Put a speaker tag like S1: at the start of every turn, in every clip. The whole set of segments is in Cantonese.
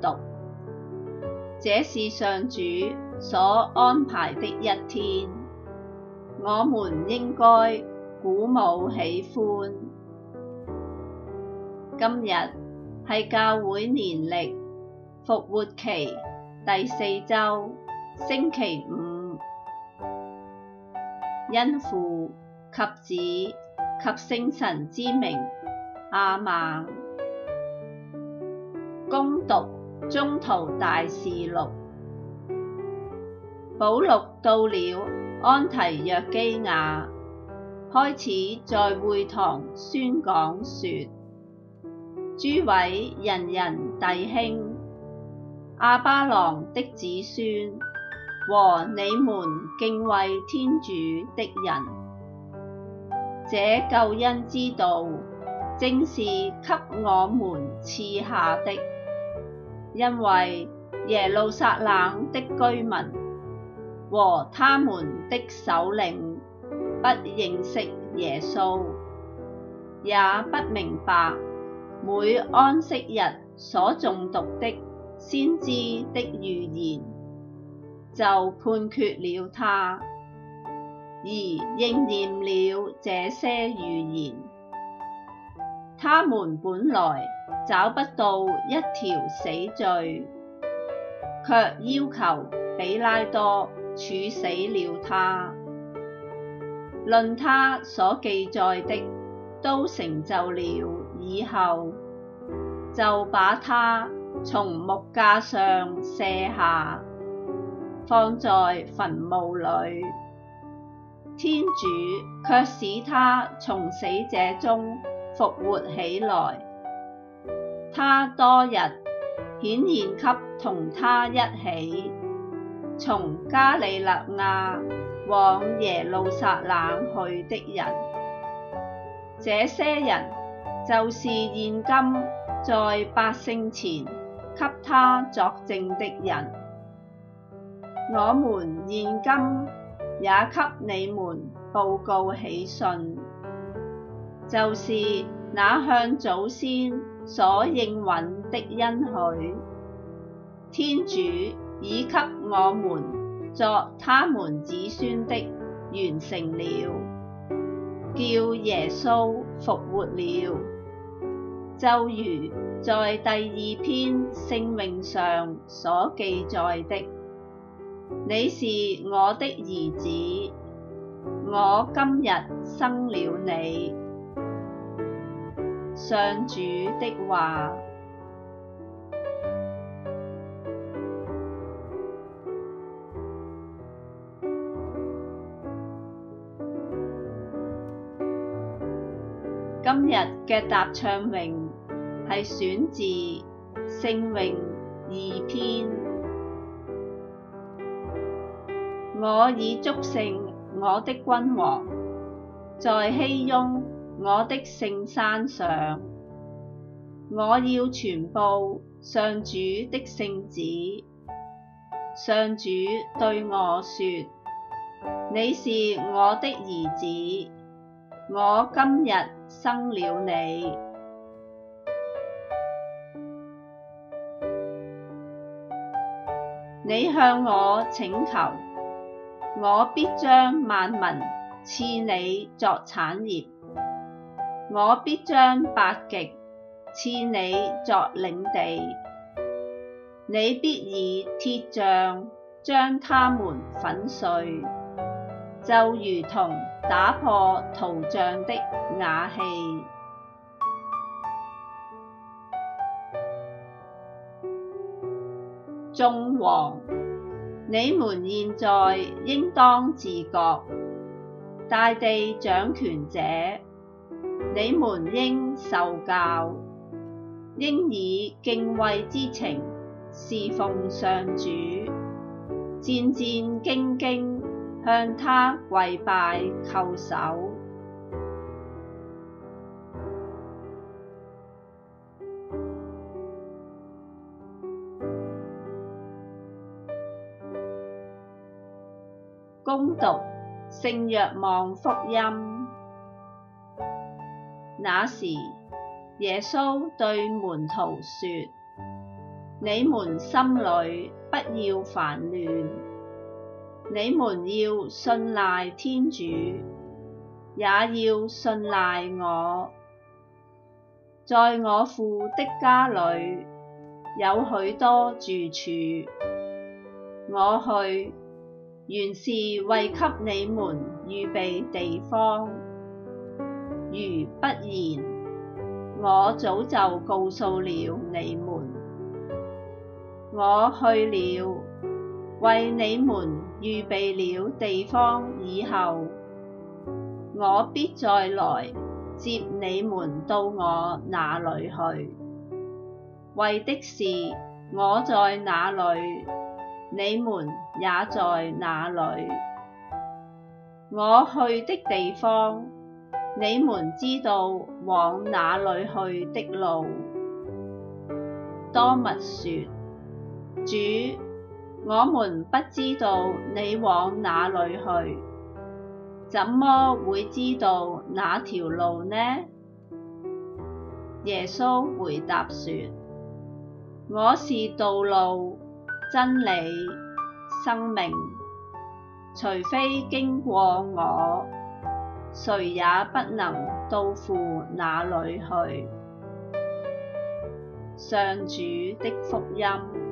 S1: 讀，這是上主所安排的一天，我們應該鼓舞喜歡。今日係教會年曆復活期第四周星期五，因父及子及聖神之名，阿們。恭讀。宗徒大事錄，保祿到了安提約基雅，開始在會堂宣講説：諸位仁人弟兄，亞巴郎的子孫和你們敬畏天主的人，這救恩之道正是給我們賜下的。因為耶路撒冷的居民和他們的首領不認識耶穌，也不明白每安息日所誦讀的先知的預言，就判決了他，而應驗了這些預言。他們本來找不到一條死罪，卻要求比拉多處死了他。論他所記載的都成就了以後，就把他從木架上卸下，放在墳墓裏。天主卻使他從死者中復活起來。他多日顯現給同他一起，從加里肋亞往耶路撒冷去的人，這些人就是現今在百姓前給他作證的人。我們現今也給你們報告喜訊，就是那向祖先所應允的恩許，天主已給我們作他們子孫的完成了，叫耶穌復活了，就如在第二篇聖詠上所記載的，你是我的兒子，我今日生了你。上主的話，今日嘅答唱詠係選自聖詠二篇。我已祝聖我的君王，在熙雍，我的聖山上，我要傳報上主的聖旨。上主對我說：你是我的兒子，我今日生了你。你向我請求，我必將萬民賜你作產業。我必將八極賜你作領地，你必以鐵杖將他們粉碎，就如同打破陶匠的瓦器。眾王，你們現在應當自覺，大地掌權者。你們應受教，應以敬畏之情事奉上主，戰戰兢兢向他跪拜叩首。恭讀聖若望福音。那時，耶穌對門徒說：你們心裏不要煩亂，你們要信賴天主，也要信賴我。在我父的家裏，有許多住處，我去，原是為給你們預備地方。如不然，我早就告訴了你們。我去了，為你們預備了地方，以後我必再來接你們到我那裏去，為的是我在那裏，你們也在那裏。我去的地方，你們知道往哪裡去的路。多默説，主，我們不知道你往哪裡去，怎麼會知道那條路呢？耶穌回答説：我是道路、真理、生命，除非經過我。誰也不能到父那裏去。上主的福音。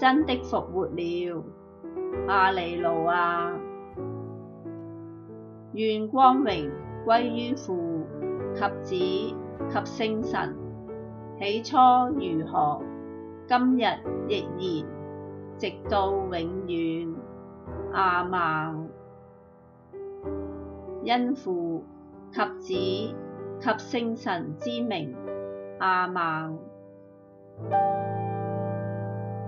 S1: 真的復活了，阿利路亞！願光榮歸於父及子及聖神。起初如何，今日亦然，直到永遠。阿們，因父及子及聖神之名。阿們。